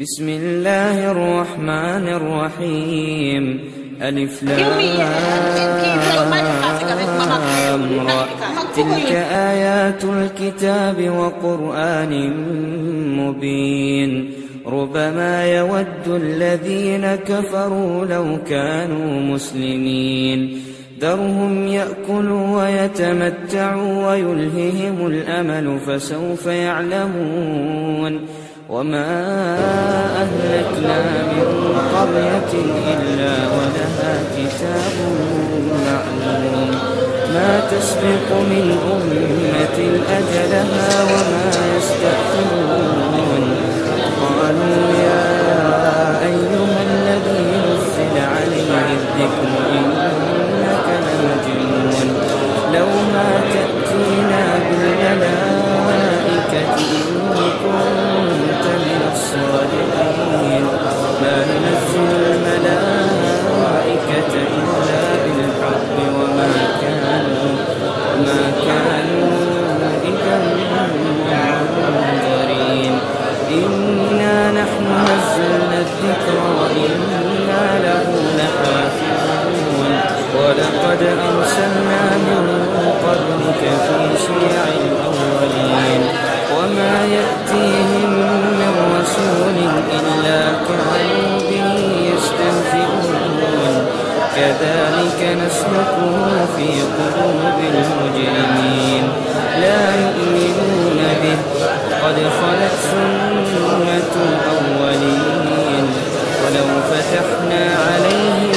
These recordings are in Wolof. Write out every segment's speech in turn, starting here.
بسم الله الرحمن الرحيم ألف لام تلك آيات الكتاب وقرآن مبين ربما يود الذين كفروا لو كانوا مسلمين ذرهم يأكلوا ويتمتعوا ويلههم الأمل فسوف يعلمون وما أهلكنا من قرية إلا ولها كتاب معلوم ما تسبق من أمة أجلها وما يستأخرون قالوا يا أيها الذي نزل عليه الذكر إن ولقد أرسلنا من قبلك في شيع الأولين وما يأتيهم من رسول إلا كانوا به يستهزئون كذلك نسلكه في قلوب المجرمين لا يؤمنون به قد خلت سنة الأولين ولو فتحنا عليهم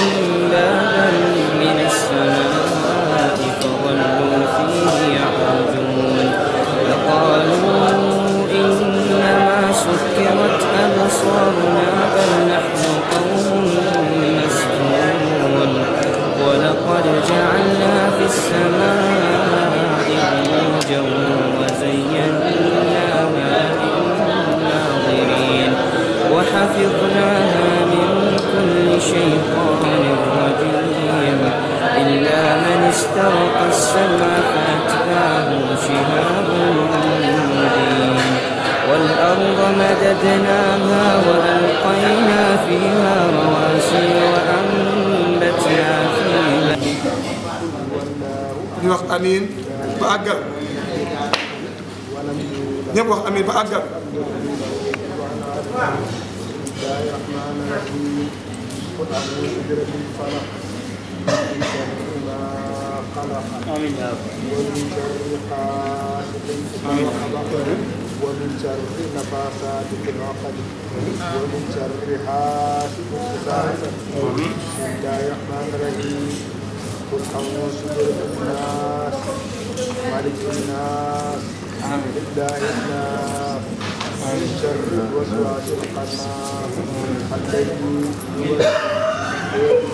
أبصارنا بل نحن قوم مسجون ولقد جعلنا في السماء بروجا وزيناها للناظرين وحفظناها من كل شيطان رجيم إلا من استرق السمع فأتبعه شهاب والأرض مددناها وألقينا فيها رواسي وأنبتنا فيها ñu wax amiin ba àggal ñëpp wax amiin ba àggal amiin ومن شر نفاثات في العقد ومن شر حاسد حساد بسم الله الرحمن الرحيم قل أعوذ برب الناس مالك الناس إله الناس من شر الوسواس الخناس الذي يوسوس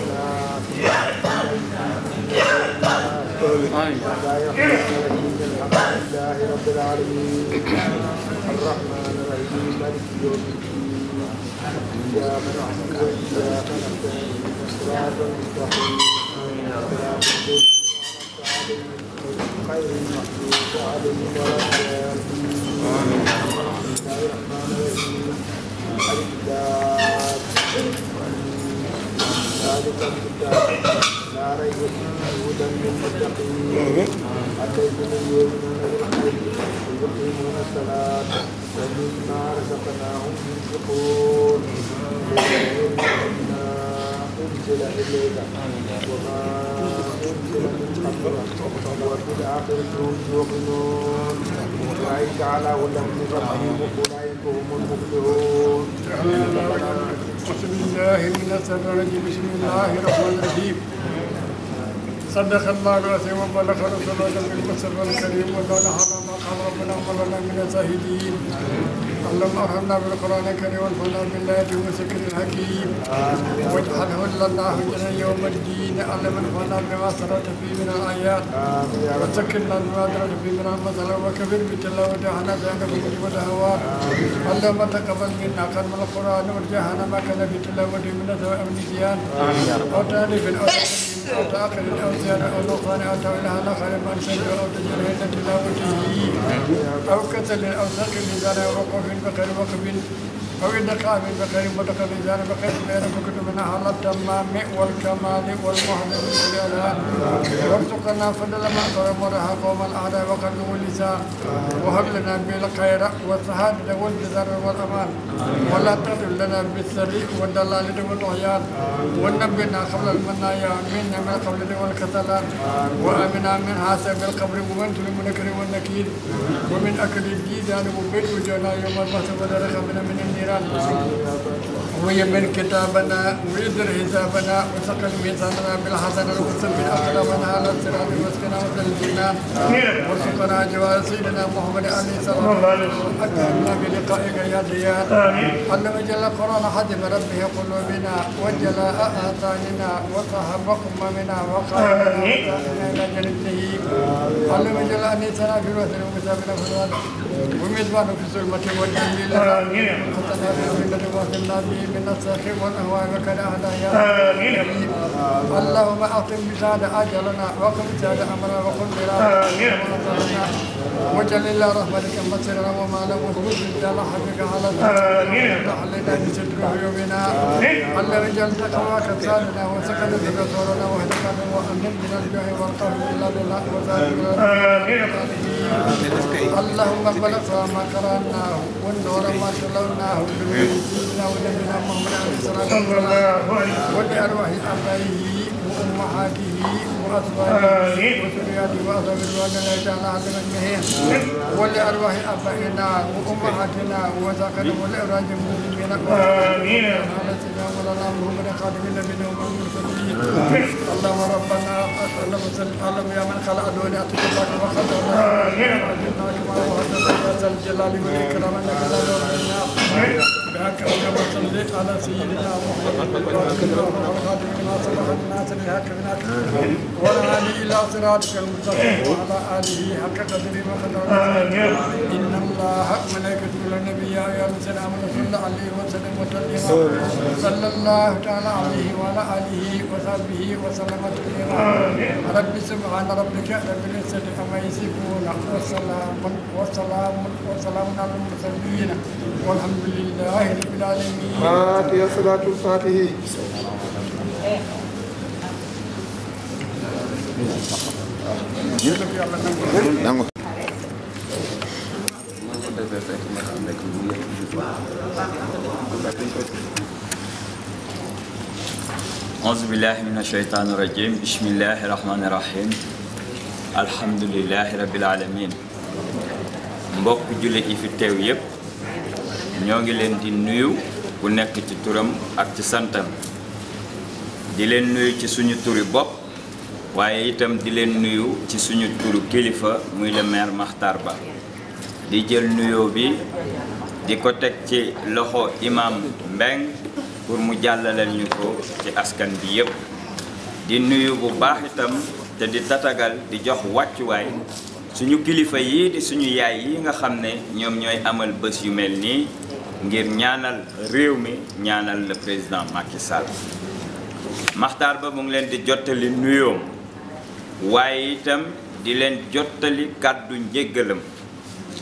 الناس لا يحمل الحمد لله رب العالمين الرحمن الرحيم مالك يوم الدين إياك نعبد وإياك نستعين صراط المستقيم صراط خير المحمود عليهم ولا الضالين بسم الله الرحمن الرحيم الف ذلك الكتاب لا ريب فيه هدى للمتقين الذين يؤمنون بالغيب ويقيمون الصلاة ومما رزقناهم ينفقون أنزل إليك وما أنزل من قبلك وبالآخرة هم يوقنون أولئك على هدى من ربهم أولئك وهم المبطلون أعوذ بالله من الشر الرجيم بسم الله الرحمن الرحيم صدق الله العظيم وبلغ رسوله الكريم وكان الارحام ربنا وقبلنا من الزاهدين اللهم ارحمنا بالقران الكريم وانفعنا بالايات والذكر الحكيم واجعله لنا حجنا يوم الدين اللهم انفعنا بما سرت فيه من الايات وذكرنا بما درت فيه من المثل وكبر بتلاوته على بيانك مجيب الهوات اللهم تقبل منا قدم القران وارجعنا ما كان في تلاوته من نسوء او نسيان او تاليف الاولاد وتأخذ الأوزان أو نقصان أو تولها نخل من شجر أو تجريد بلا وجزئي أو كسل الأوساق الميزان وقف بخير وقف أو الدقاء بالبخير ودخل الجار بخير بين كنت منها على التمام والكمال والمهد والجلال وارزقنا فضل من ترمرها قوم الأعداء وقلبه اللسان وهب لنا بالخير والسعادة والجزر والأمان ولا تغلب لنا بالسر والدلالة والطغيان ونبنا قبل المنايا منا من قبل والكسلان وآمنا من حاسب القبر ومن المنكر والنكير ومن أكل الجيزان وبيت وجنا يوم البحث ودرخ من من النير أجرنا ويمن كتابنا ويدر حسابنا وسقط ميزاننا بالحسن وثبت أقدامنا على الصراط واسقنا وسل الجنان وارزقنا جوار سيدنا محمد عليه الصلاة والسلام أكرمنا بلقائك يا ديان علم جل القرآن حجب ربه قلوبنا وجل أعطاننا وصحب قممنا وقال إلى جنته علم جل أنيسنا في الوثن ومسابنا في الوثن ومثل نفس المتي والجميل حتى نبيك واهتمنا به من السخي والاهواء وكراهنا يا اللهم اعطم بزاد اجلنا وقم زاد امرنا وقم بلادنا وجل الله رحمتك مصيرنا وما له وخذ الجل حقك على تحلنا بستره يومنا الذي جل تقواك سالنا وسكن ذكرنا واهدنا وامن من الجوع والقهر الا بالله وزاد اللهم بلغنا ما قرأناه والنور ما تلوناه سيدنا ونبينا محمد عليه الصلاة والسلام وبأرواح آبائه وأمهاته وأزواجه وذرياته وأزواج أزواجنا جعل عدنا أجمعين ولأرواح آبائنا وأمهاتنا وذاكرهم والإراج المؤمنين آمين على سيدنا مولانا محمد خاتم النبيين والمرسلين اللهم ربنا صل وسلم على يا من خلق الدنيا تبارك وخلقنا آمين كما وحدنا يا ذا الجلال والإكرام أنك لا تضل بهك وصلي على سيدنا محمد وعلى آله وصحبه وسلم ونهدي إلى صراطك المستقيم وعلى آله حق قدره وقدره إن الله ملائكته النبي يا رسول آمنوا صلى عليه وسلم وسلم صلى الله تعالى عليه وعلى آله وصحبه وسلم تسليما رب سبحان ربك رب العزة عما يصفون وسلام وسلام وسلام على المرسلين والحمد لله رب العالمين. فاتحة صلاة الفاتحة. nangu أعوذ بالله من الشيطان الرجيم بسم الله الرحمن الرحيم الحمد لله mbokk jullit yi fi teew yépp ñoo ngi leen di nuyu ku nekk ci turam ak ci santam di leen nuyu ci suñu turi bopp waaye itam di leen nuyu ci suñu turu kilifa muy le maire Ba di jël nuyoo bi di ko teg ci loxo imam Mbeng pour mu jàllaleel ñu ko ci askan bi yëpp di nuyu bu baax itam te di tatagal di jox wàccuwaay suñu kilifa yi di suñu yaay yi nga xam ne ñoom ñooy amal bés yu mel nii ngir ñaanal réew mi ñaanal la président Macky Sall Makhtar Ba mu ngi leen di jottali nuyoom waaye itam di leen jottali kàddu njéggalam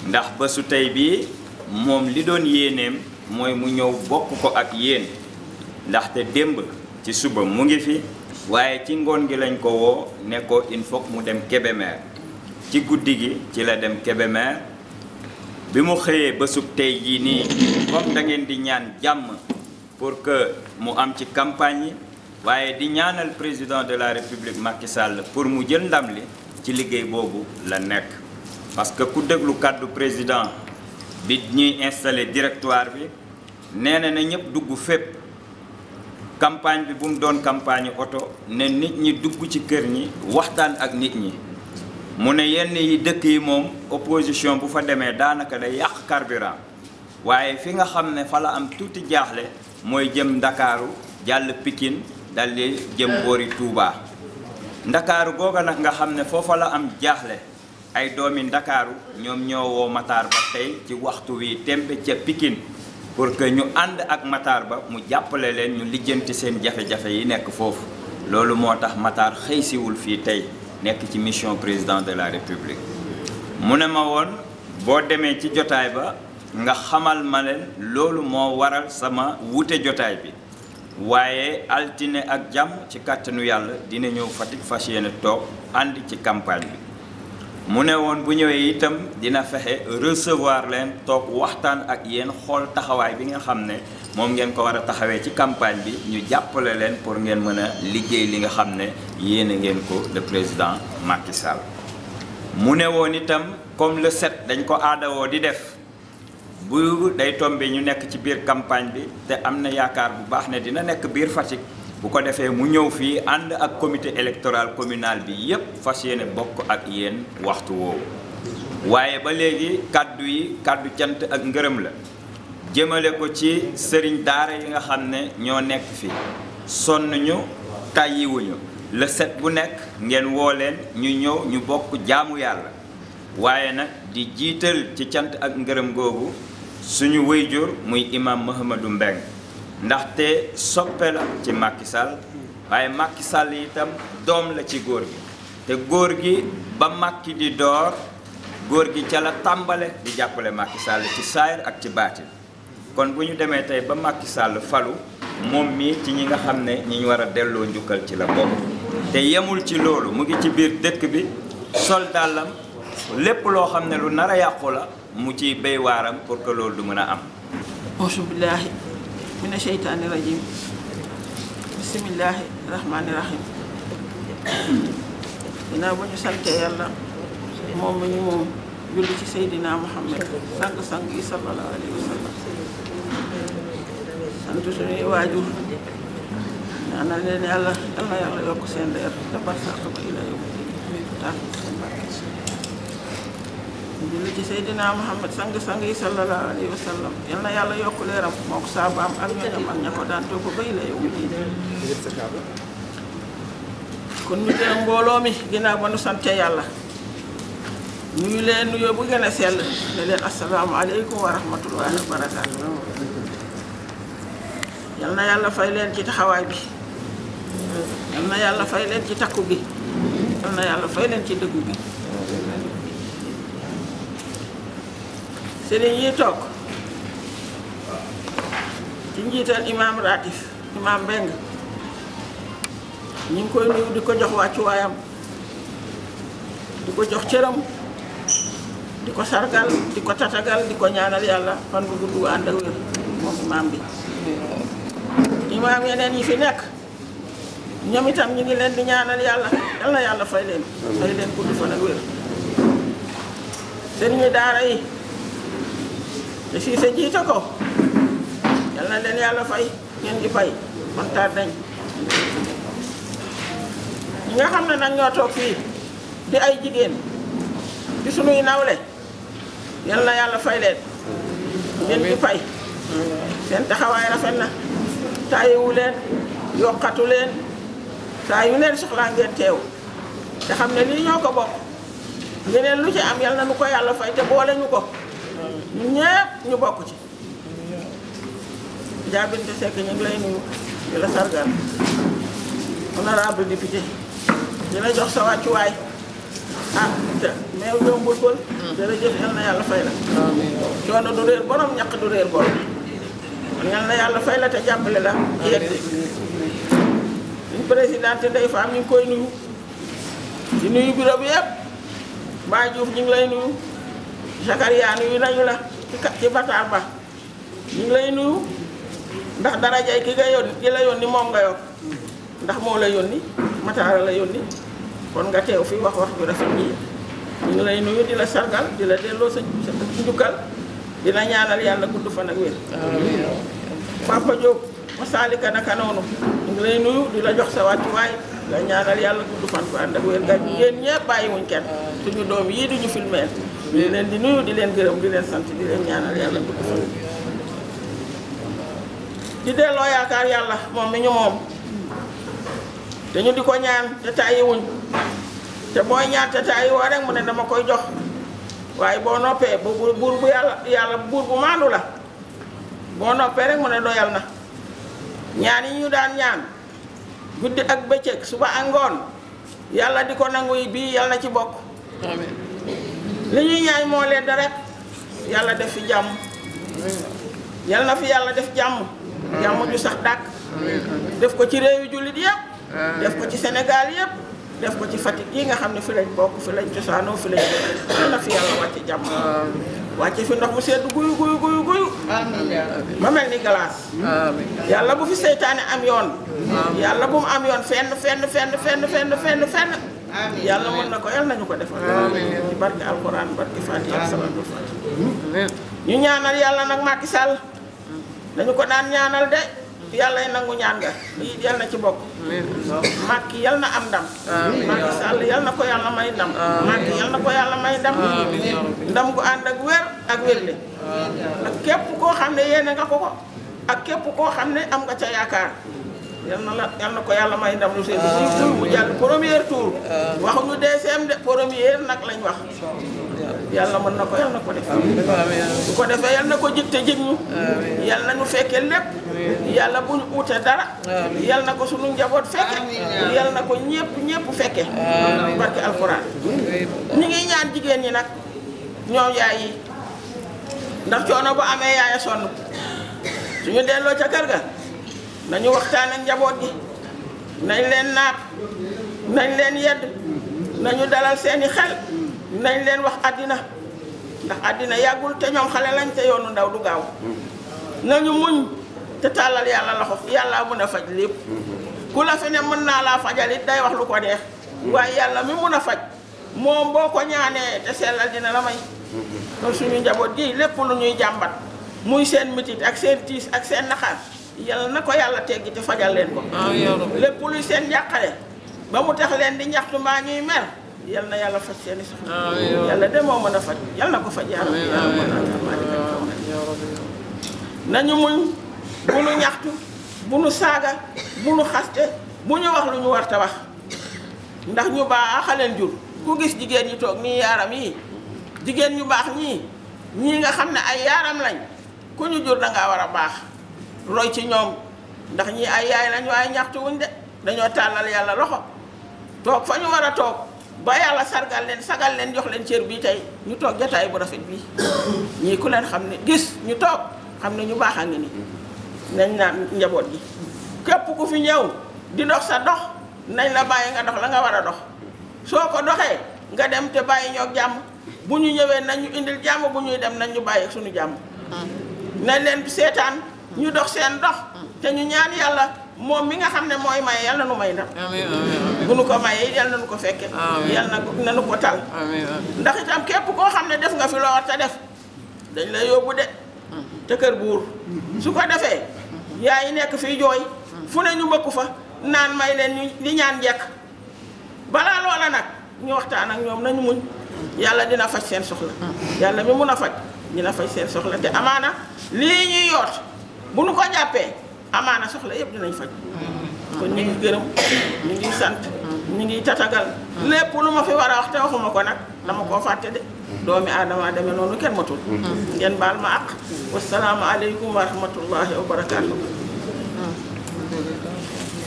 ndax bésu tey bii moom li doon yéeneem mooy mu ñëw bokk ko ak yéen ndaxte démb ci suba mu ngi fi waaye ci ngoon gi lañ ko woo nekkoo ko il faut mu dem Kébémer ci guddi gi ci la dem Kébémer bi mu xëyee bésub tey jii nii comme da ngeen di ñaan jàmm pour que mu am ci campagne yi waaye di ñaanal président de la république Macky Sall pour mu jël ndam li ci liggéey boobu la nekk parce que ku déglu kàddu président bi ñuy installé directoire bi nee na na ñëpp dugg fépp campagne bi bu mu doon campagne oto ne nit ñi dugg ci kër ñi waxtaan ak nit ñi mu ne yenn yi dëkk yi moom opposition bu fa demee daanaka day yàq carburant waaye fi nga xam ne fa am tuuti jaaxle mooy jëm Ndakaaru jàll Pikine dal di jëm boori Touba. ndakaaru googa nag nga xam ne foofa la am jaaxle ay doomi ndakaaru ñoom ñoo woo Matar Ba tey ci waxtu wi tempe ca Pikine pour que ñu ànd ak mataar Ba mu jàppale leen ñu lijjanti seen jafe-jafe yi nekk foofu loolu moo tax Matar xëysiwul fii tey nekk ci mission président de la République mu ne ma woon boo demee ci jotaay ba nga xamal ma leen loolu moo waral sama wuute jotaay bi waaye altine ak jàmm ci kàttanu yàlla dina ñëw Fatick fas yéene toog ànd ci campagne bi mu ne woon bu ñëwee itam dina fexe recevoir leen toog waxtaan ak yéen xool taxawaay bi nga xam ne moom ngeen ko war a taxawee ci campagne bi ñu jàppale leen pour ngeen mën a liggéey li nga xam ne yéene ngeen ko le président Macky Sall mu ne woon itam comme le set dañ ko aadawoo di def bu day tombe ñu nekk ci biir campagne bi te am na yaakaar bu baax ne dina nekk biir Fatick bu ko defee mu ñëw fii ànd ak comité électoral communal bi yépp fas yéene bokk ak yéen waxtu woowu waaye ba léegi kàddu yi kàddu cant ak ngërëm la jëmale ko ci sëriñ daara yi nga xam ne ñoo nekk fii sonn ñu tàyyiwuñu la set bu nekk ngeen wooleen ñu ñëw ñu bokk jaamu yàlla waaye nag di jiital ci cant ak ngërëm googu suñu wéyjur muy imam Mahamadou Mbeng ndaxte soppe la ci màkkisal Sall waaye Macky Sall doom la ci góor gi te góor gi ba màkki di door góor gi ca la tàmbale di jàppale Macky Sall ci saayir ak ci baatin kon bu ñu demee tey ba Macky Sall falu moom mii ci ñi nga xam ne ñi ñu war a delloo njukkal ci la bokk te yemul ci loolu mu ngi ci biir dëkk bi sol dàllam lépp loo xam ne lu nar a yàqu la mu ci béy waaram pour que loolu du mën a am auzu billaahi mina sheytaani rajim bismillaahi rahmaani rahim ginnaaw ba ñu sante yàlla moom mi ñu moom julli ci Seydina Muhammad sang-sang yi sallallahu alayhi wa sallam sant suñuy waajur ñaanal leen yàlla yal na yàlla yokk seen leer te barsàq ba ila yawmi diin julli ci Seydina Muhammad sang-sang yi sallallahu alayhi yàlla yokk leeram mook saabaam ak ña ñam ak ña ko daan togg kon ñu dee mbooloo mi ginnaaw ba nu sante yàlla nuyu leen nuyoo bu gën a sell ne leen assalaamu aleykum wa rahmatullahi wa yal na yàlla fay leen ci taxawaay bi yal na yàlla fay leen ci takku bi yal na yàlla fay leen ci dëggu bi sëriñ yi toog ci njiital imaam Ratif imaam Mbeng ñu ngi koy nuyu di ko jox wàccuwaayam di ko jox cëram di ko sargal di ko tatagal di ko ñaanal yàlla fan bu gudd ànd ak wér imaam yeneen yi fi nekk ñoom itam ñu ngi leen di ñaanal yàlla yal yàlla fay leen fay leen gudd fan ak wér sëriñu daara yi te Cissé jiite ko yal na leen yàlla fay ngeen di fay kontaan nañ ñi nga xam ne nag ñoo toog fii di ay jigéen di sunuy nawle yal na yàlla fay leen ngeen di fay seen taxawaay rafet na taayewu leen yokkatu leen saa yu leen soxlaa ngeen teew te xam ne lii ñoo ko bokk ñeneen lu ci am yal na nu ko yàlla fay te boole ñu ko ñu ñëpp ñu bokk ci Diabinte Seck ñu lay nuyu di la sargal honorable député di la jox sa wàccuwaay ah te meew yombul pël hmm. du ñaq du réer borom yal na yàlla fay la te la yegg suñ présidente Ndeye Fane ñu koy nuyu di nuyu bureau bi yëpp Mbaye Diouf ñu lay nuyu Zakaria nuyu nañu la ci kat ci bataar ba ñu ngi lay nuyu ndax darajay ki nga yónni ki la yónni moom nga yor ndax moo la yónni mataara la yónni kon nga teew fi wax wax ju rafet yi ñu ngi lay nuyu di la sargal di la delloo sa njukkal di la ñaanal yàlla gudd fan ak wér Papa Diop masaalika naka noonu ñu ngi lay nuyu di la jox sa wàccuwaay di la ñaanal yàlla gudd fan ko ànd ak wér nga yéen ñëpp bàyyi wuñ kenn suñu doom yii duñu filmeel ñu leen di nuyu di leen gërëm di leen sant di leen ñaanal yàlla bu ko yaakaar yàlla moom mi ñu di ko ñaan te tàyyiwuñ te dama koy jox waaye boo noppee bu yàlla yàlla buur bu maandu la boo noppee rek mu ne ñaan yi ñu daan ñaan guddi ak bëccëg suba ak yàlla di ko nangu yi bii yàlla na ci bokk li ñuy ñaay moo leen rek yàlla def fi jàmm yàlla na fi yàlla def jàmm jàmm ju sax dàkk def ko ci réewi jullit yëpp def ko ci senegaal yëpp def ko ci Fatick yi nga xam ne fi lañ bokk fi lañ cosaanoo fi lañ yàlla fi yàlla wàcc jàmm wàcce fi ndox mu sedd guyu guyu guyu guyu ma mel ni glace yàlla bu fi seytaane am yoon yàlla bu mu am yoon fenn fenn fenn fenn fenn fenn fenn yàlla mën na ko yàlla nañu ko defal ci barke alquran barke Fatiha ak salatul Fatiha ñu ñaanal yàlla nag Macky Sall dañu ko daan ñaanal de yàlla yi nangu ñaan nga lii na ci bokk Macky yal na am ndam Macky Sall na ko yàlla may ndam Macky yal na ko yàlla may ndam ndam gu ànd ak wér ak wérle ak képp koo xam ne yéene nga ko ko ak képp koo xam ne am nga ca yaakaar yal na la yal na ko yàlla may ndam lu seen. amiin mu jàll premier tour. waxuñu deuxième de premier nag lañ wax. yàlla mën na ko yal na ko def. su ko defee yal na ko jig te jig ñu. yal na ñu fekkee lépp. yàlla bu ñu uute dara. yal na ko su sunu njaboot fekke yal na ko ñëpp ñëpp fekke barke alxuraan. ñi ngi ñaan jigéen ñi nag ñoom yaay yi ndax coono bu amee yaaya sonn suñu delloo ca kër ga. nañu waxtaan ak njaboot gi nañ leen naat nañ leen yedd nañu dalal seeni xel nañ leen wax àddina ndax àddina yàggul te ñoom xale lañ te yoonu ndaw du gaaw nañu muñ te tàllal yàlla loxo yàlla mën a faj lépp ku la fi ne mën naa laa fajal it day wax lu ko neex waaye yàlla mi mun a faj moom boo ko ñaanee te sellal dina la may kon suñu njaboot gi lépp lu ñuy jàmbat muy seen mitit ak seen tiis ak seen naxaar yal na ko yàlla teggi te fajal leen ko lépp luy seen njàqare ba mu tax leen di ñaxtu mbaa ñuy mer yal na yàlla faj seeni soxla yàlla de moo mën a faj yal na ko faj yaa rabbi yaa rabbi nañu muñ bu nu ñaxtu bu nu saaga bu nu xaste bu ñu wax lu ñu war ta wax ndax ñu baax a leen jur ku gis jigéen ñi toog nii yaaram yi jigéen ñu baax ñii ñii nga xam ne ay yaaram lañ ku ñu jur dangaa war a baax roy ci ñoom ndax ñii ay yaay lañ waaye ñaxtuwuñ de dañoo tàllal yàlla loxo toog fa ñu war a toog ba yàlla sargal leen sagal leen jox leen cër bii tey ñu toog jataay bu rafet bii ñii ku leen xam ne gis ñu toog xam ne ñu baax a ngi ni nañ naan njaboot gi képp ku fi ñëw di dox sa dox nañ la bàyyi nga dox la nga war a dox soo ko doxee nga dem te bàyyi ñoo jàmm bu ñu ñëwee nañ ñu indil jàmm bu ñuy dem nañ ñu bàyyi suñu jàmm nañ leen seetaan ñu dox seen dox te ñu ñaan yàlla moom mi nga xam ne mooy may yàlla nu may ndam bu nu ko mayee yàlla nu ko fekke yàlla na nu ko tal ndax itam képp koo xam ne def nga fi loo war te def dañ la yóbbu de te kër buur su ko defee yaa ngi nekk fii jooy fu ne ñu mbëkku fa naan may leen ñu li ñaan njekk balaa loola nag ñu waxtaan ak ñoom nañu muñ yàlla dina faj seen soxla yàlla mi mun a faj dina faj seen soxla te amaana lii ñuy yoot bu nu ko jàppee amaana soxla yëpp dinañ faj kon ñu ngi gërëm ñu ngi sant ñu ngi tatagal lépp lu ma fi war a wax waxuma ko nag dama ko fàtte de doomi aadama demee noonu kenn matul ngeen baal ma àq wasalaamu aleykum wa rahmatullahi wa barakaatu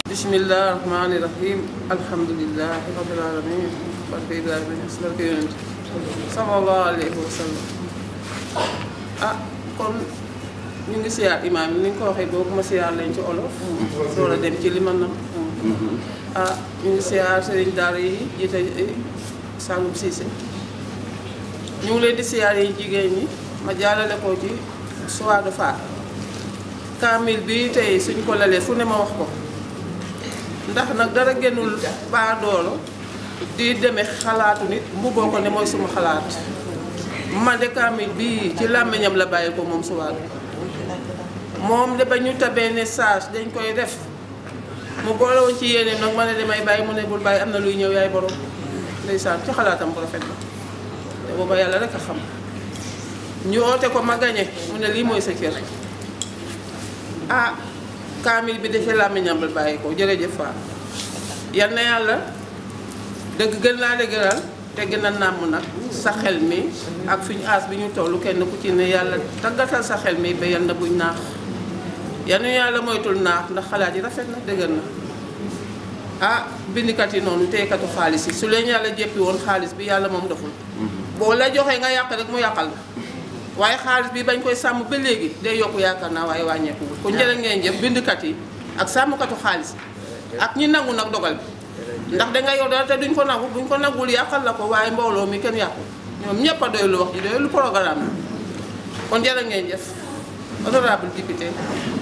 bismillahi rahmaani rahim alhamdulilahi rabbil alamin barke ibrahima ñas barke yonent sallallahu alayhi wa sallam ah kon ñu ngi siyaar imaam ni nga ko waxee boobu ma siyaar leen ci olof. loolu a dem ci li man na ah ñu ngi siyaar sëriñ daara yi jiite eh, sàngum siise ñu ngi leen di siyaar yi jigéen ñi ma jàllale ko ci soir de faar kaamil bi tey suñ ko lalee fu ne ma wax ko ndax nag dara génnul baa di deme xalaatu nit mu ko ne mooy suma xalaat man de kaamil bii ci làmmiñam la bàyyi ko moom suwaat moom de ba ñu tabee ne sage dañ koy def mu boole ci yéeneem nag ma ne damay bàyyi mu ne bul bàyyi am na luy ñëw yaay borom ndeysaan ci xalaatam bu rafet la te booba yàlla rek a xam ñu oote ko ma gañe mu ne lii mooy sa cër ah kaamil bi defee làmmiñam la bàyyi ko jërëjëf faa yàlla dëgg gën laa dëgëral te gën a nàmm nag sa xel mi ak suñu aas bi ñu tollu kenn ku ci ne yàlla taggatal sa xel mi ba yal na buñ naax yanu yàlla moytul naax ndax xalaat yi rafet na dëgër na ah bindikat yi noonu teekatu xaalis yi su leen yàlla jéppi woon xaalis bi yàlla moom doful mhm. boo la joxee nga yàq rek mu yàqal la waaye xaalis bi bañ koy sàmm ba léegi day yokku yaakaar naa waaye wàññeekuwul kon njëriñ ngeen jëf bindkat yi ak sàmmkatu xaalis ak ñi nangu nag dogal ndax danga yow dara te duñ ko nangu buñ ko nangul yàqal la ko waaye mbooloo mi kenn yàqu ñoom ñëpp a doy lu wax ji doy lu programme kon njëriñ ngeen jëf honorable député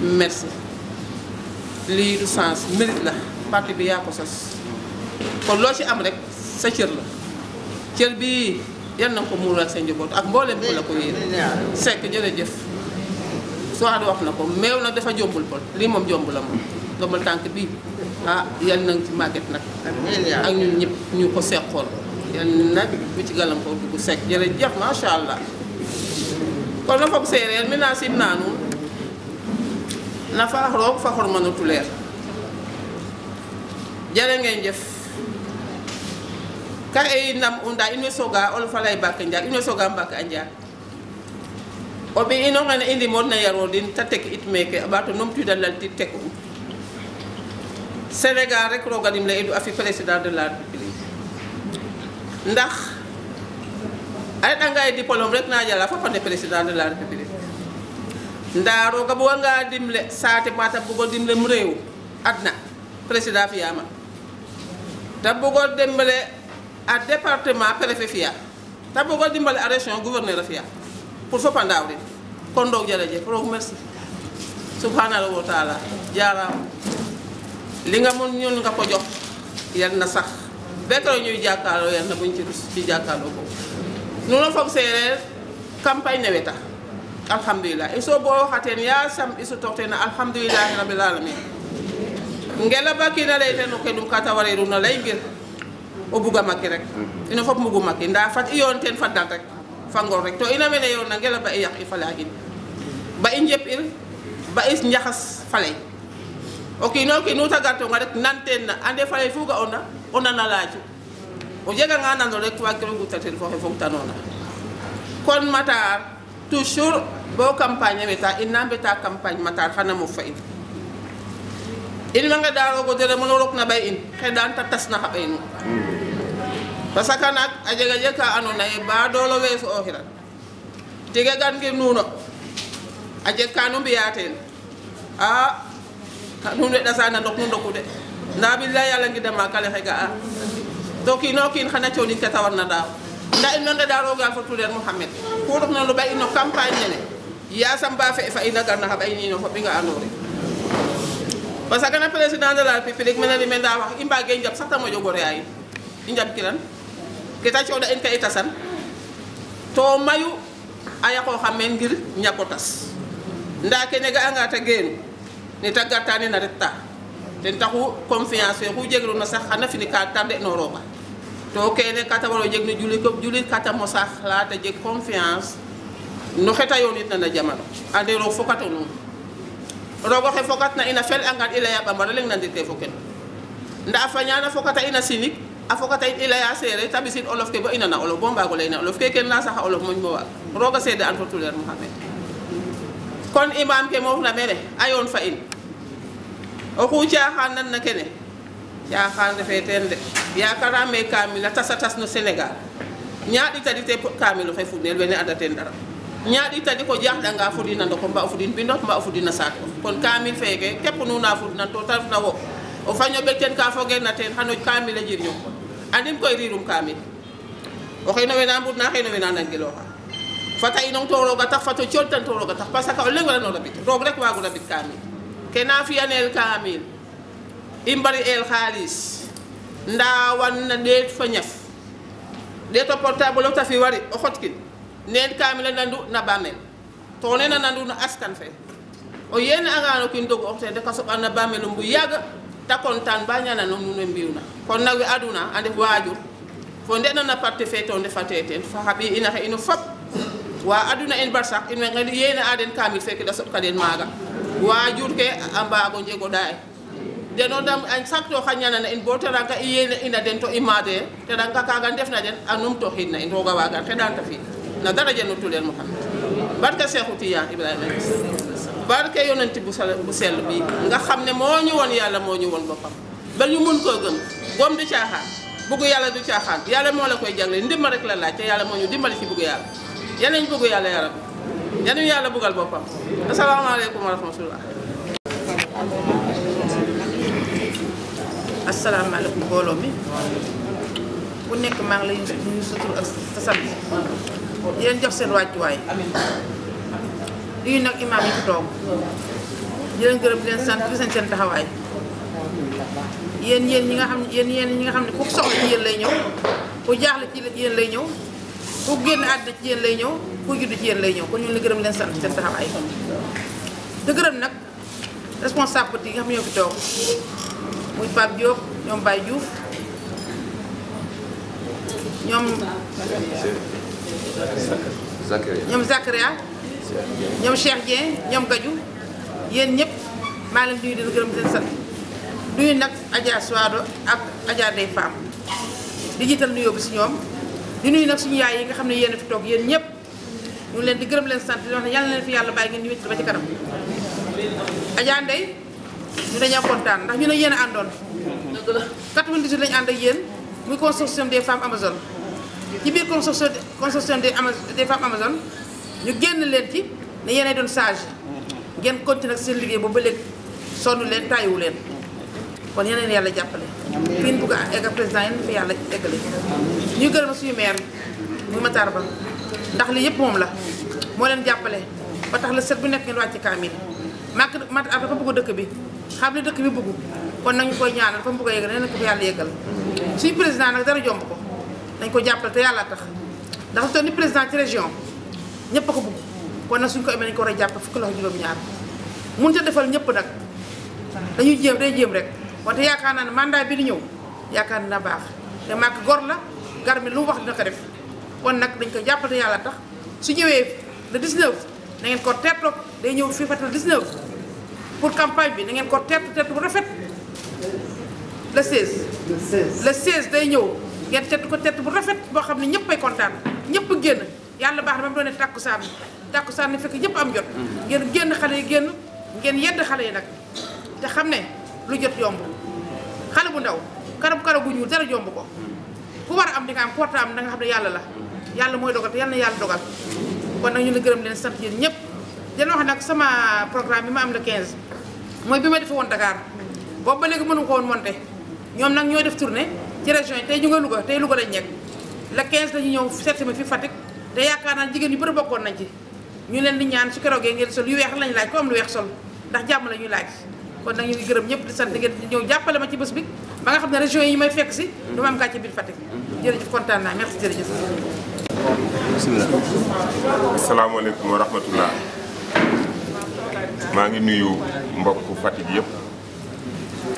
merci lii du sens mérite la parti bi yaa ko sos kon loo ci am rek sa cër la cër bi yal na ko muur ak sa njaboot ak mboolem ko la ko yéen sekk jërëjëf soo at wax na ko meew nag dafa jombul pol lii moom jomb la moom dombal tànk bii ah yal na ci màgget nag ak ñun ñëpp ñu ko seqoon yal nag bu ci gàllankoor dugg sekk jërëjëf macha allah kon na foog séeréer mi naa sim naa nuun na faax roog fa xormano tuleer jare ngeen jëf ka e nam u nda in way sooga olof a ley Mbacke Ndiaye in way sooga Mbacke a Ndiaye o ɓiy ino xene te tek it meeke a ɓaato numtuwiida laltiit tek um Sénégal rek roog a dimle i président de la République ndax ay e diplôme rek na jala fof ande de la république nda roga ma ta bugo dimle mu reewu adna président fiyama ta bugo roog merci subhanahu wa taala li nga mun ñun nga ko jox yal na sax bekero ñuy jàkkaarloo yal na buñ ci rus ci jàkkaarloo ko nuno fog seereer campagne weta alhamdulillah i soogo xa teen yaasam i sutoox teen alhamdulilahi rabil alamin ngelaba kiina lay teen o kenum ka ta wareeruna lay ngir o buga maki rek mhm. fat i yoon teen fadnan rek fa ngor rek to ina mene yoon na ngelaba i yaq i falaxin ba i njep il ba i njaxas fa lay o kiino kiin nu ta gartonga rek nan na ande fa lay fu ga'oona o nana o jeganga nan o rek waagkiro guta ten fo xe fogtanoona kon Matar toujours bo campagne e a weta in na mbeta campagne Matar xana mof fa in in way nqeɗa roog o deremo nu rokna ɓay in xeɗan te tasna xa ɓay nu parce que nak a jega jeg ka andoona yee baadoolo weesu'ooxiran tiga gangim nuuno a jeg ka nu mbi'aa teen a nuun we ɗasa na ndok nu ndoku de ndaa bilaay Yàlla ngidama kale xe ga'a donc inoki in xana conin ke te warna ɗaaw nda in way ngeɗa rooga fotureer Mouhamed ku refna luɓay ino campagne nene yasam ba fe fa ina garna xa ɓay nino fop i nga andoore parce que na président de la république mene lime nda wax i mbage njaɓ sax ta moƴo gore a i njaɓ kiran ke ta in ka i tasan mayu a yaqooxa meen ngir ñak o tas nda kene ga'anga ta geenu ne ta garta nena ret ta ten taxu confiance fe xu jegruna to kene kataɓaro jeg no julit koɓ julit katamo sahla ta jeg confiance no xeta yonit na na jamano ande roog fokato nuun roog oxe fokat na in a fel'angan i laya ɓambar o na ndetee fo kene nda a fañana fokata in a sinig a fokata in i laya seereer ta olof ke bo ina na olof bo mbaag o lay olof ke ken na saxa olof moƴ mo waag roog a seede an fo tuleer kon imam ke moof na mene a yoon fa in oxu caaxaan nan na kene caaxaan refee teen de yakaraame kaamil a tasa tas no sénégal ñaaɗi tadi te kaamil oxe fudnel wene anda teen dara ñaaɗi tadi ko jaxɗanga fudin a ndoko mba o fudin mbindof mba o fudin a saat of kon kaamil feeke képp nuna fudnan to te refna wo o faño ɓek teen a tax parce que o leŋ wala rabit roog rek waago rabit kaamil ke na fiyanel kaamil i mbari el haalis ndawanna ɗeet fo ñaf ɗeeto portable of tafi wari o xotkin neen kaamila nandu na bàmmeel to nena nandu na askan fe o yena angano kin dogu oxtede ka soɓan na bàmmeelum bu yàgga ta kontaan ba ñananom nu ne mbiw na kon nag aduna a ndef waajur fo ndenana parti fe to ndefate teen fa xa ɓi ina xe ino fop wa aduna in barsak in we ngel yena a den kaamil fe ke da soɓka den maaga waajur ke a mbaago njegoɗa e denonɗam an sakto xa ñanana in bo teranga i yene ina den to i maade teranga kaga ndefna den a numto xinna in roga wagan xeɗanta fi na daraja nutulel mouhamad barke Cheikhou Tidiane Ibrahima barke yonent bu sell bu sell bi nga xam ne moo ñu woon yàlla moo ñu woon boppam ba ñu mun koo gën gom du caaxaan bugg yàlla du caaxaan yàlla moo la koy jàngale ndimma rek la laaj te yàlla moo ñu dimbali ci bugg yàlla yal nañu bugg yàlla yàlla yal nañu yàlla buggal boppam asalaamaaleykum wa asalaamaaleykum mbooloo mi ku nekk maa ngi lay nuyu sa tur ak sant di leen jox seen wàccuwaay nuyu nag imaam yi fi toog di leen gërëm di leen sant di seen seen taxawaay yéen yéen ñi nga xam yéen yéen ñi nga xam ne ku soxla ci yéen lay ñëw ku jaaxle ci yéen lay ñëw ku génn àddina ci yéen lay ñëw ku judd ci yéen lay ñëw kon ñu ngi gërëm leen sant seen taxawaay di gërëm nag responsable yi nga xam ne ñoo toog muy Pape Diop ñoom baay Diouf ñoom ñoom Zakaria ñoom Cheikh Dieng ñoom Gadiou yéen ñëpp maa leen duñu dina gërëm seen sant duñu nag Adja Suado ak Adja Dey Fam di jiital nuyoo si ñoom di nuyu nag suñu yaay yi nga xam ne yéen a fi toog yéen ñëpp ñu leen di gërëm leen sant di wax ne yàlla na leen fi yàlla bàyyi ngeen ñu wécc ba ci kanam Adja Ndeye ñu dañoo kontaan ndax ñu ne yéen a àndoon. dëgg la 98 lañu ànd ak yéen muy consortium des femmes Amazon. ci biir consortium consortium des ama Amazon ñu génn leen ci ne yéen ay doon sage ngeen continuer seen liggéey boobu ba léegi sonn leen taayiwu leen kon yeneen yàlla jàppale. fi ñu bugg a egg président yéen fi yàlla eggale. ñu gërëm suñu maire muy Matar Ba ndax li yëpp moom la moo leen jàppale ba tax la set bu nekk ngeen wàcc kaamil Macky Macky Sall ah, dafa bëgg dëkk bi xam ne dëkk bi bëgg kon nañu koy ñaan fa mu bëgg a yëgal nee na ko fi yàlla yëgal suñu président nag dara jomb ko dañ ko jàppale te yàlla tax ndax toog ni président ci région ñëpp ko bëgg kon nag suñu ko amee dañu ko war a jàpp fukki loxo juróom defal ñëpp nag dañuy jéem day jéem rek wante yaakaar naa ne mandat bi di ñëw yaakaar na baax te Macky gor la gar mi lu mu wax dina ko def kon nag dañ ko jàppale te tax su ñëwee le 19 na ngeen ko teetoo day ñëw fii fatal 19 pour campagne bi na ngeen ko teet teet bu rafet le 16. le 16 le 16 day ñëw ngeen teet ko teet bu rafet boo xam ne ñëpp ay kontaan ñëpp génn yàlla baax na ba mu doon ne tàkkusaan tàkkusaan ne fekk ñëpp am jot. Mm-hmm. ngeen génn xale yi génn ngeen yedd xale yi nag te xam ne lu jot yomb xale bu ndaw karam karaw bu ñuul dara yomb ko ku war am di nga am portable am da nga xam ne yàlla la yàlla mooy dogal te yàlla na yàlla dogal kon nag ñu ngi gërëm leen sant yéen ñëpp. dina wax nag sama programme bi ma am le 15 mooy bi ma defe woon dakaar boobu ba léegi mënu ko woon monté ñoom nag ñoo def tournée ci région yi tey ñu nga Louga tey Louga lañ nekk le 15 dañu ñëw seet si ma fi Fatick te yaakaar naa jigéen yu a bokkoon nañ ci ñu leen di ñaan su keroogee ngeen sol yu weex lañ laaj ko am lu weex sol ndax jàmm la ñu laaj kon nag ñu ngi gërëm ñëpp di sant ngeen ñëw jàppale ma ci bés bi ba nga xam ne région yi may fekk si du ma am gàcce biir Fatick jërëjëf kontaan naa merci jërëjëf bismillah asalaamaaleykum wa rahmatullah maa ngi nuyu mbokk Fatick yëpp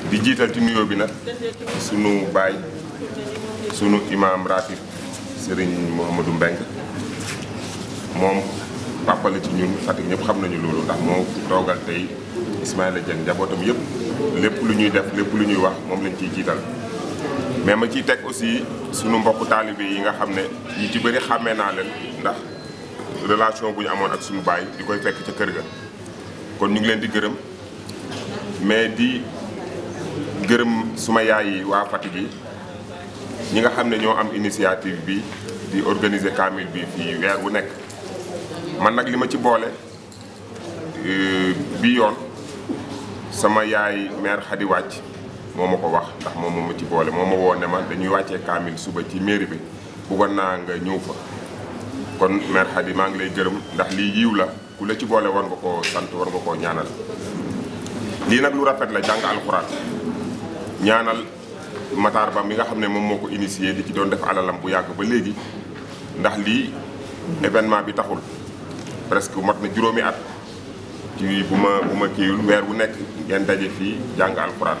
di jiital ci nuyoo bi nag sunu baay sunu imaam ratib Serigne Mouhamadou Mbeng moom papa ci ñun Fatick ñëpp xam nañu loolu ndax moo toogal tey Ismaïla Dieng njabootam yëpp lépp lu ñuy def lépp lu ñuy wax moom lañ ciy jiital mais ma ciy teg aussi sunu mbokk taalibe yi nga xam ne ñu ci bëri xàmmee naa leen ndax relation bu ñu amoon ak suñu baay di koy fekk ca kër ga kon ñu ngi leen di gërëm mais di gërëm suma yaay yi waa Fatick yi ñi nga xam ne ñoo am initiative bi di organiser kaamil bi fii weer wu nekk man nag li ma ci boole euh, bi yoon sama yaay maire Khady Wàcc moom ma ko wax ndax moom moo ma ci boole moom ma woo ne ma dañuy wàccee kaamil suba ci mairie bi bëggoon naa nga ñëw fa kon maire Khady maa ngi lay gërëm ndax lii yiw la ku la ci boole war nga koo sant war nga koo ñaanal lii nag lu rafet la jàng alxuraan ñaanal Matar Ba mi nga xam ne moom moo ko initié di ci doon def alalam bu yàgg ba léegi ndax lii événement bi taxul presque mat na juróomi at ci bu ma bu ma weer bu nekk ngeen daje fii jàng alxuraan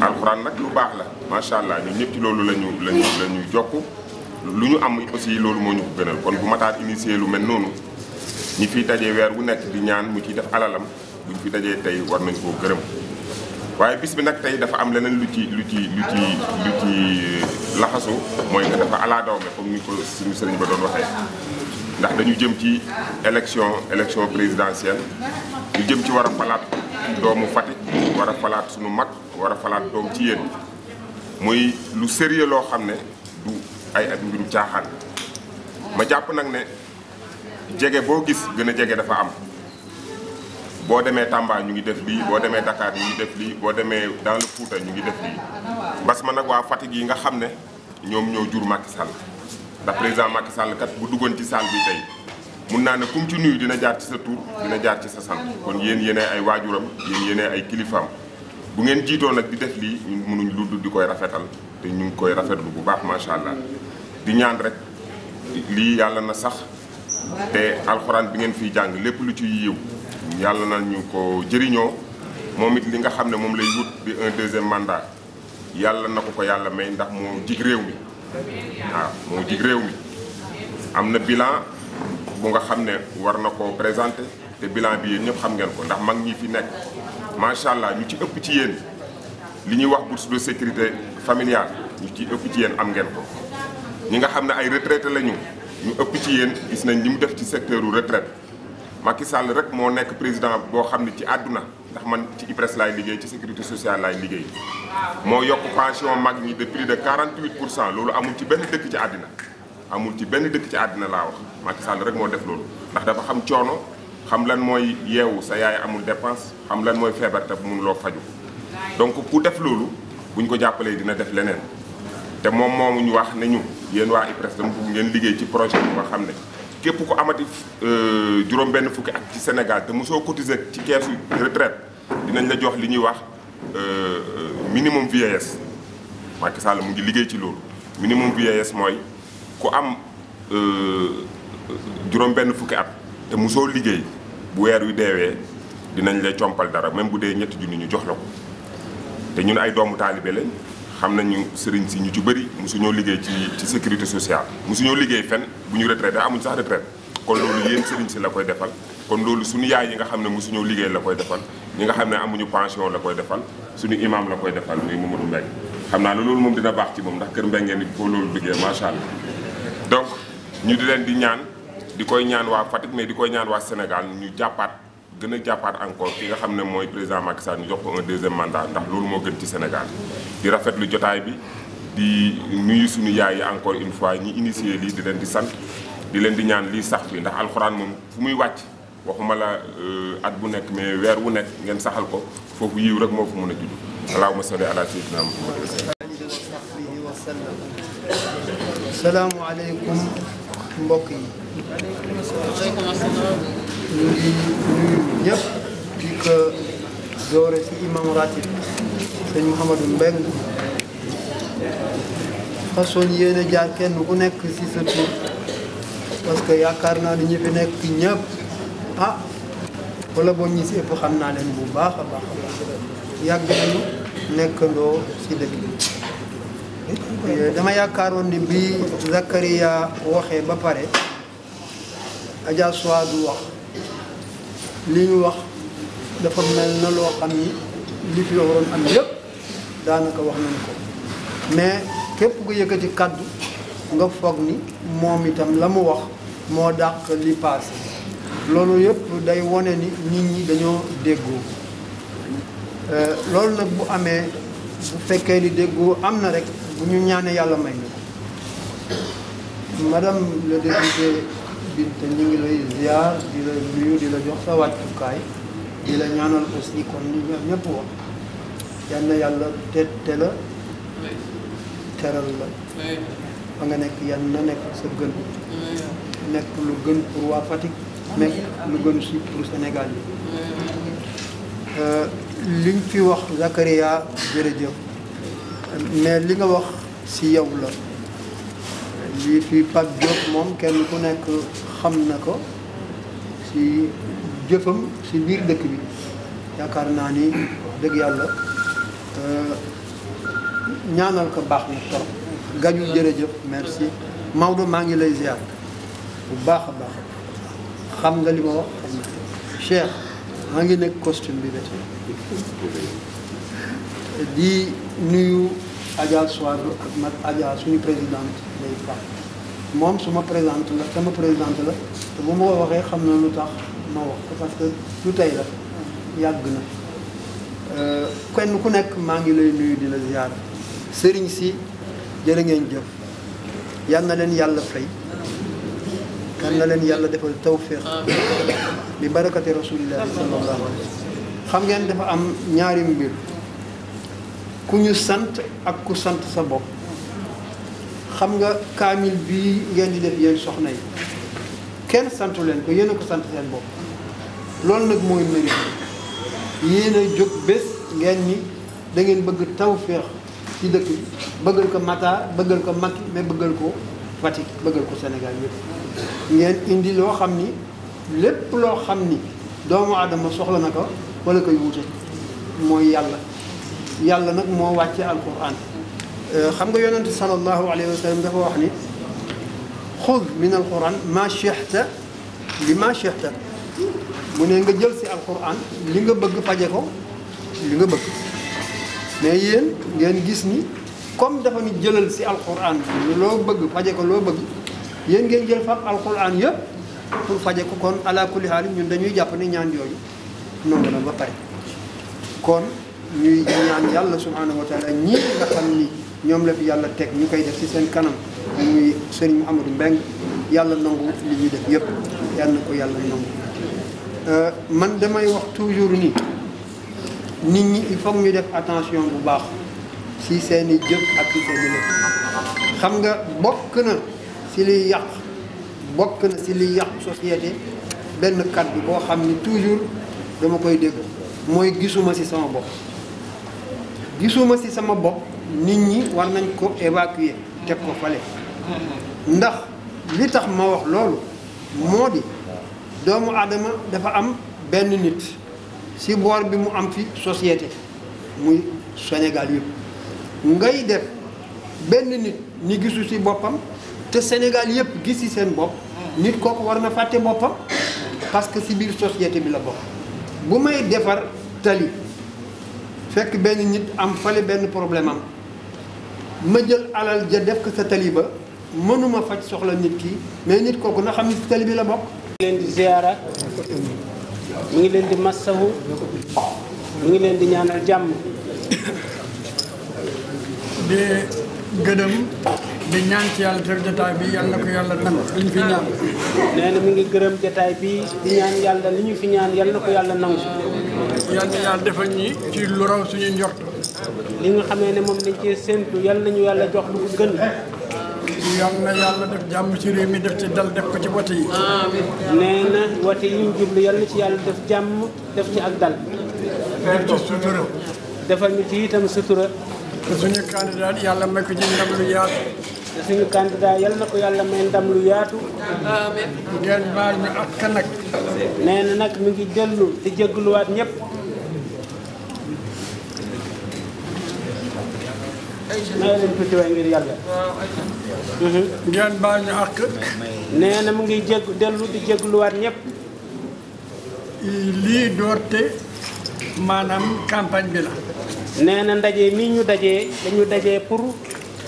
alxuraan nag lu baax la macha allah ñun ñëpp ci loolu la ñu la ñu jokk lu ñu am aussi loolu moo ñu ko gënal kon bu Matar initié lu mel noonu ñi fi daje weer wu nekk di ñaan mu ciy def alalam buñ fi dajee tey war nañ koo gërëm waaye bis bi nag tey dafa am leneen lu ci lu ci lu ci lu ci laxasu mooy nga dafa ala dawme comme ni sëriñ ba doon waxee ndax dañu jëm ci élection élection présidentielle ñu jëm ci war a falaat doomu Fatick war a falaat suñu mag war a falaat doom ci yéen muy lu sérieux loo xam ne du ay at mbiru caaxaan ma jàpp nag ne jege boo gis gën a jege dafa am boo demee Tamba ñu ngi def lii boo demee dakaar ñu ngi def lii boo demee dans le ñu ngi def lii bas ma nag waa Fatick yi nga xam ne ñoom ñoo jur Macky Sall ndax président Macky Sall kat bu duggoon ci salle bi tey mun naa ne kum ci nuyu dina jaar ci sa tur dina jaar ci sa sant kon yéen yéenee ay waajuram yéen yéenee ay kilifaam bu ngeen jiitoo nag di def lii ñun mënuñ lu di koy rafetal te ñu ngi koy rafetlu bu baax macha allah di ñaan rek lii yàlla na sax te alxuraan bi ngeen fi jàng lépp lu ci yiw yàlla na ñu ko jëriñoo moom it li nga xam ne moom lay wut di un deuxième mandat yàlla na ko ko yàlla may ndax moo jig réew mi waaw moo réew mi am na bilan bu nga xam ne war na ko présenté te bilan bi yéen ñëpp xam ngeen ko ndax mag ñi fi nekk macha allah ñu ci ëpp ci yéen li ñuy wax bourse de sécurité familiale ñu ci ëpp ci yéen am ngeen ko ñi nga xam ne ay retraité lañu ñu ëpp ci yéen gis nañ li mu def ci secteur u retraite Macky Sall rek moo nekk président boo xam ne ci àdduna ndax man ci IPRES laay liggéey ci sécurité sociale laay liggéey moo yokk pension mag ñi de plus de pour cent loolu amul ci benn dëkk ci àddina amul ci benn dëkk ci àddina laa wax Macky rek moo def loolu ndax dafa xam coono xam lan mooy yeewu sa yaay amul dépense xam lan mooy feebar te bu mun loo faju donc ku def loolu buñ ko jàppalee dina def leneen te moom moomuñu wax nañu ñu waa IPRES dama bëgg ngeen liggéey ci projet bi nga xam ne képp ku amati euh, juróom benn fukki at ci senegal te mosoo cotiser ci keesu retraite dinañ la jox li ñuy wax euh, minimum vieillesse Macky Sall mu ngi liggéey ci loolu minimum vieillesse mooy ku am euh, juróom benn fukki at te mosoo liggéey bu weer wi deewee dinañ lay compal dara même bu dee ñetti junni ñu jox la ko te ñun ay doomu taalibe lañ xam nañu sëriñ si ñu ci bëri mosuñoo liggéey ci ci sécurité sociale mosuñoo liggéey fenn bu ñu retraité amuñ sax retraite kon loolu yéen sëriñ si la koy defal kon loolu suñu yaay yi nga xam ne mosuñoo liggéey la koy defal ñi nga xam ne amuñu pension la koy defal suñu imam la koy defal muy Mamadou Mbengue xam naa loolu moom dina baax ci moom ndax kër Mbengue ni boo loolu duggee macha allah donc ñu di leen di ñaan di koy ñaan waa Fatick mais di koy ñaan waa Sénégal ñu jàppaat gën a jàppaat encore ki nga xam ne mooy président Macky Sall ñu jox ko un deuxième mandat ndax loolu moo gën ci Sénégal di rafetlu jotaay bi di nuyu suñu yaay yi encore une fois ñi initié lii di leen di sant di leen di ñaan lii sax ndax alxuraan moom fu muy wàcc waxuma la euh, at bu nekk mais weer wu nekk ngeen saxal ko foofu yiw rek moo fu mën a judd ala sayyidina Muhammad salaamu aleykum mbokk yi ñu ngi nuyu ñëpp ci imam ratib sëñ Mouhamadou Mbeng façon yéen a jaar kenn ku nekk ci sa tur parce que yaakaar naa ni ñu fi nekk ñëpp ah wala boo ñi si ëpp xam naa leen bu baax a baax yàgg nañu nekkandoo ci dëkk bi dama yaakaaroon ni bi Zakaria waxee ba pare Adja Souadou wax li ñu wax dafa mel na loo xam ni li fi waroon am yëpp daanaka wax nañ ko mais képp ku yëkkati kàddu nga foog ni moom itam la mu wax moo dàq li paase loolu yëpp day wone ni nit ñi dañoo déggoo euh, loolu nag bu amee bu fekkee ni déggoo am na rek bu ñu ñaanee yàlla may na ko madame le député te ñu ngi lay ziar di la nuyu di la jox sa wàccukaay di la ñaanal aussi kon li ñëpp wax yal na yàlla tette la teral la fa nga nekk yal na nekk sa gën nekk lu gën pour waa Fatick nekk lu gën si pour Sénégal yi euh, liñ fi wax Zakaria jërëjëf mais li nga wax si yow la yi fii Pape Diop moom kenn ku nekk xam na ko ci jëfam ci biir dëkk bi yaakaar naa ni dëgg yàlla euh, ñaanal ko baax na trop gaju jërëjëf merci Maodo maa ngi lay ziar bu baax a baax xam nga li ma wax xam nga Cheikh maa ngi nekk costume bi ba di nuyu Adja Souadou ak ma Adja suñu présidente lay faat moom suma présidente la sama la te bu ma ko waxee xam na lu tax ma wax ko parce que lu tey la yàgg na euh, kenn ku nekk maa ngi lay nuyu di la ziar sëriñ si jërë ngeen jëf yal na leen yàlla fay yal na leen yàlla defal tawféex bi barakati rasulillahi sallallahu alayhi xam ngeen dafa am ñaari mbir ku ñu sant ak ku sant sa bopp xam nga kaamil bii ngeen di def yéen soxna yi kenn santu leen ko yéen a ko sant seen bopp loolu nag mooy mérite yéen a jóg bés ngeen ni da ngeen bëgg tawféex ci dëkk bi bëggal ko Matar bëggal ko Makki mais bëggal ko Fatick bëggal ko Sénégal yëpp ngeen indi loo xam ni lépp loo xam ni doomu aadama soxla na ko walla koy wute mooy yàlla yàlla nag moo wàcce alquran euh, xam nga yonente salallahu alayhi wa sallam dafa wax ni xud min alquran ma chexta li ma chexta mu ne nga jël si alquran li nga bëgg faje ko li nga bëgg mais yéen ngeen gis ni comme dafa ni jëlal si alquran loo bëgg faje ko loo bëgg yéen ngeen jël fab alquran yëpp pour faje ko kon ala kulli haal ñun dañuy jàpp ni ñaan yooyu noonu la ba pare kon ñuy ñaan yàlla subhanahu wa taala ñii nga xam ni ñoom la fi yàlla teg ñu koy def ci seen kanam muy sëriñ Amadou Mbeng yàlla nangu li ñuy def yëpp yàlla ko yàlla nangu. Euh, man damay wax toujours ni nit ñi il faut ñu def attention bu baax ci seeni i jëf ak ci seen i xam nga bokk na ci liy yàq bokk na ci liy yàq société benn kàddu boo xam ni toujours dama koy dégg mooy gisuma ci sama bopp. gisuma ci sama bopp nit ñi war nañ ko évacuer teg ko fale ndax li tax ma wax loolu moo di doomu aadama dafa am benn nit si boor bi mu am fi société muy Sénégal yëpp ngay def benn nit ni gisu ci boppam te Sénégal yëpp gis si seen bopp nit kooku war na fàtte boppam parce que si biir société bi la bokk bu may defar tali fekk benn nit am fale benn problème am ma jël alal ja def ko sa tali ba mënuma faj soxla nit ki mais nit kooku na xam ni si tali la bokk. mu ngi leen di ziara mu ngi leen di massawu ngi leen di ñaanal jàmm. di gëdëm. di ñaan ci yàlla teg jotaay bi yal na ko yàlla nangu li ñu fi ñaan. nee na mi ngi gërëm jotaay bi di ñaan yàlla li ñu fi ñaan yal na ko yàlla nangu. yal na yàlla defal ñi ci lu raw suñu njort. li nga xamee ne moom ne cee séntu yal nañu yàlla jox lu ko gën. yal na yàlla def jàmm ci réew mi def ci dal def ko ci wote yi. nee na yi ñu jublu yal na ci yàlla def jàmm def ci ak dal. def ci sutura. defal ñu ci itam sutura. te suñu candidat yàlla may ko ci ndam lu suñu candidat yal na ko yàlla may ndam lu yaatu. amiin. ngeen baal ñu ak nag. nee nag mi ngi dellu di jégaluwaat ñëpp. may leen yàlla. mu ngi jég dellu di jégaluwaat ñëpp. lii doorte maanaam campagne bi la. nee na ndaje nii ñu dajee dañu daje pour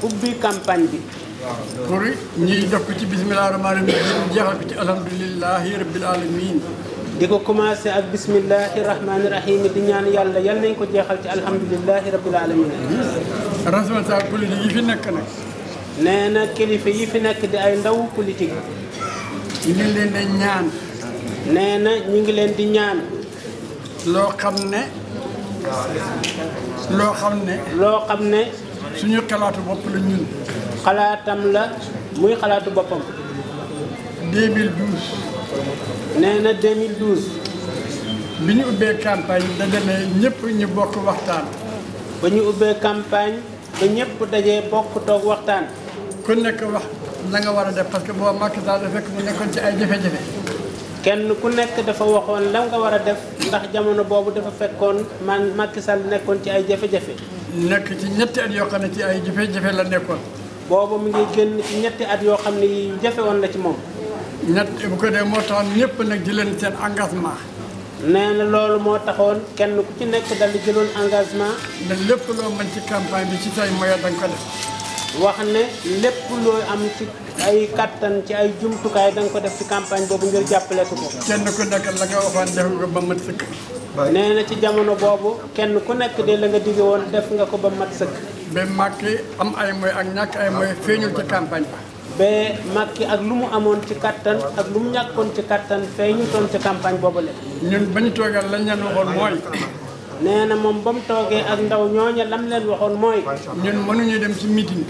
ubbi campagne bi. pour ñuy def ci bisimilah rahmaani rahiim jeexal ko ci alhamdulilahi di ko commencé ak bisimilahi rahmaani rahiim di ñaan yàlla yal nañ ko jeexal ci alhamdulilahi rabbil alamin responsable politique yi fi nekk nag. nee na kilifa yi fi nekk di ay ndaw politique. ñu ngi leen di ñaan. nee na ñu ngi leen di ñaan. loo xam ne. loo xam ne. loo xam ne. suñu xalaatu bopp la ñun. xalaatam la muy xalaatu boppam. 2012. nee na 2012. bi ñu ubbee campagne da demee ñëpp ñu bokk waxtaan. ba ñu ubbee campagne ba ñëpp dajee bokk toog waxtaan. ku nekk wax na nga war a def parce que boo Macky Sall fekk mu nekkoon ci ay jafe-jafe. kenn ku nekk dafa waxoon lan nga war a def ndax jamono boobu dafa fekkoon man Macky Sall nekkoon ci ay jafe-jafe. ci ñetti at yoo xam ne ci ay jafe-jafe la nekkoon. boobu mu ngi génn ci ñetti at yoo xam ne yi jafe woon la ci moom. ñett bu ko dee moo taxoon ñëpp nag jëleen seen engagement. nee na loolu moo taxoon kenn ku ci nekk dal di jëloon engagement. ne lépp loo mën ci campagne bi ci say moyen da nga ko def. ne lépp loo am ci ay kattan ci ay jumtukaay da nga ko def ci campagne boobu ngir jàppale ko. kenn ku nekk la nga waxoon def nga ba mat sëkk. nee na ci jamono boobu kenn ku nekk de la nga dige woon def nga ko ba mat sëkk. ba Macky am ay moy ak ñàkk ay moy feeñul ci campagne ba. ba Macky ak lu mu amoon ci kattan ak lu mu ñàkkoon ci kattan feeñutoon ci campagne boobule. ñun ba ñu toogee lañ leen waxoon mooy. nee na moom ba mu toogee ak ndaw ñooña lam leen waxoon mooy. ñun mënuñu dem ci meeting.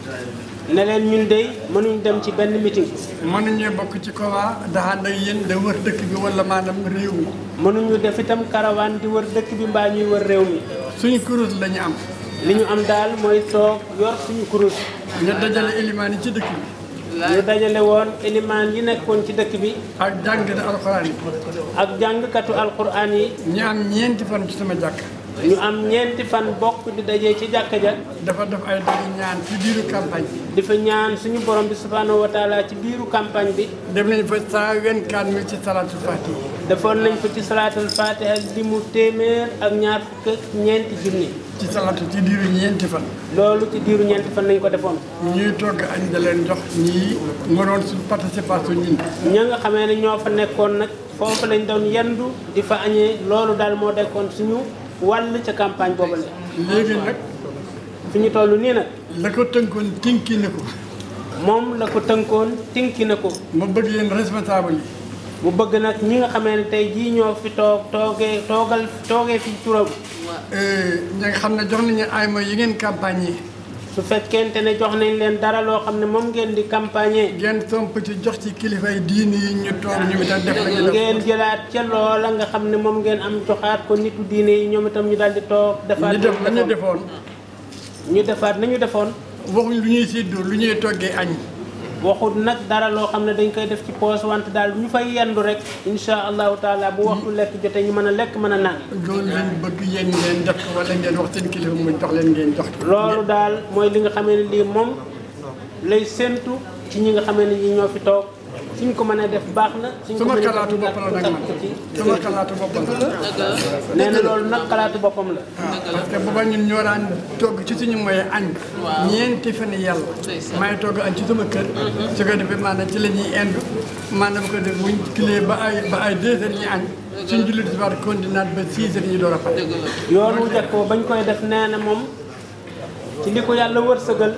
ne leen ñun de mënuñ dem ci benn meeting. mënuñu bokk ci kawa daxaan ak yéen da wër dëkk bi wala maanaam réew mi. mënuñu def itam karawaan di wër dëkk bi mbaa ñuy wër réew mi. suñu kuréel la ñu am. li ñu am daal mooy toog yor suñu kurus. ñu dajale élimaan yi ci dëkk bi. ñu dajale woon élimaan yi nekkoon ci dëkk bi. ak jàngkatu alxuraan yi. ak jàngkatu alxuraan yi. ñu am ñeenti fan ci am ñeenti fan bokk di dajee ci jàkka ja dafa def ay daje ñaan ci biiru campagne bi. dafa ñaan suñu borom bi subhaanahu wa ci biiru campagne bi. dem nañ fa 124000 ci salaatul faatiha. defoon nañ ko ci salaatul faatiha ak li mu téeméer ak ñaar fukk ñeenti junni. ci salaatu ci diiru ñeenti fan. loolu ci diiru ñeenti fan lañ ko defoon. ñuy togg añ da leen jox ñii nga doon suñ participation ñun. ña nga xamee ne ñoo fa nekkoon nag foofu lañu doon yendu di fa añee loolu daal moo dekkoon suñu wàll ca campagne boobu la. léegi nag. fi ñu toll nii nag. la ko tënkoon tinki na ko. moom la ko tënkoon tinki na ko. ma bëgg yéen responsable yi. bu bëgg nag ñi nga xamee ne tey jii ñoo fi toog toogee toogal toogee fi turam. ñi eh, nga xam ne jox nañu ay ma yi ngeen campagne yi. su fekkente ne jox nañ leen dara loo xam ne moom ngeen di campagne. ngeen tomp ci jox ci kilifa yi diini yi ñu toog ñu daal la nga xam ne moom ngeen am joxaat ko nitu diine yi ñoom itam ñu daal di toog. defaat ñu def ñu defoon. ñu defaat nañu defoon. waxuñ lu ñuy séddoo lu ñuy toggee añ. waxut nag dara loo xam ne dañ koy def ci poos want daal ñu fay yendu rek insha allahu taala bu waxtu lekk jotee ñu mën a lekk mën a naan. loolu lañ bëgg yéen ngeen def wala ngeen wax seen kilifa mu jox leen ngeen jox. loolu daal mooy li nga xamee ne lii moom lay séentu ci ñi nga xamee ne ñi ñoo fi toog. suñ ko mënee def baax na. suñ ko mënee def xalaatu boppam la nag man sama xalaatu boppam la. na loolu nag xalaatu boppam la. waaw ah, parce que booba ñun ñoo daan togg ci suñu moyen añ. ñeenti fan yàlla. may togg añ ci sama kër. su ko defee maanaam ci la ñuy indi maanaam ko def buñ kilee ba ay ba ay deux heures añ. suñ jullit bi war continuer ba six heures door a pare. yoonu ko ba bañ koy def nee na moom ci li ko yàlla wërsëgal.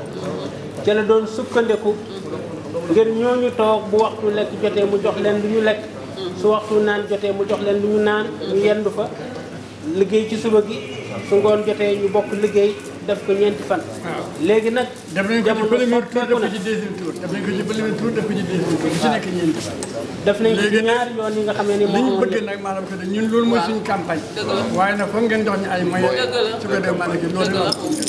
ca la doon sukkandiku. ngir ñooñu toog bu waxtu lekk jotee mu jox leen lu ñu lekk su waxtu naan jotee mu jox leen lu ñu naan ñu yendu fa liggéey ci suba gi su ngoon jotee ñu bokk liggéey def ko ñeenti fan léegi nag def nañ ko ci premier tour def ko ci deuxième tour def nañ ko ci ñaari yoon yi nga xamee ni li ñu bëgg nag maanaam que ñun loolu mooy suñu campagne waaye nag foog ngeen jox ñu ay moyens su ko def maanaam loolu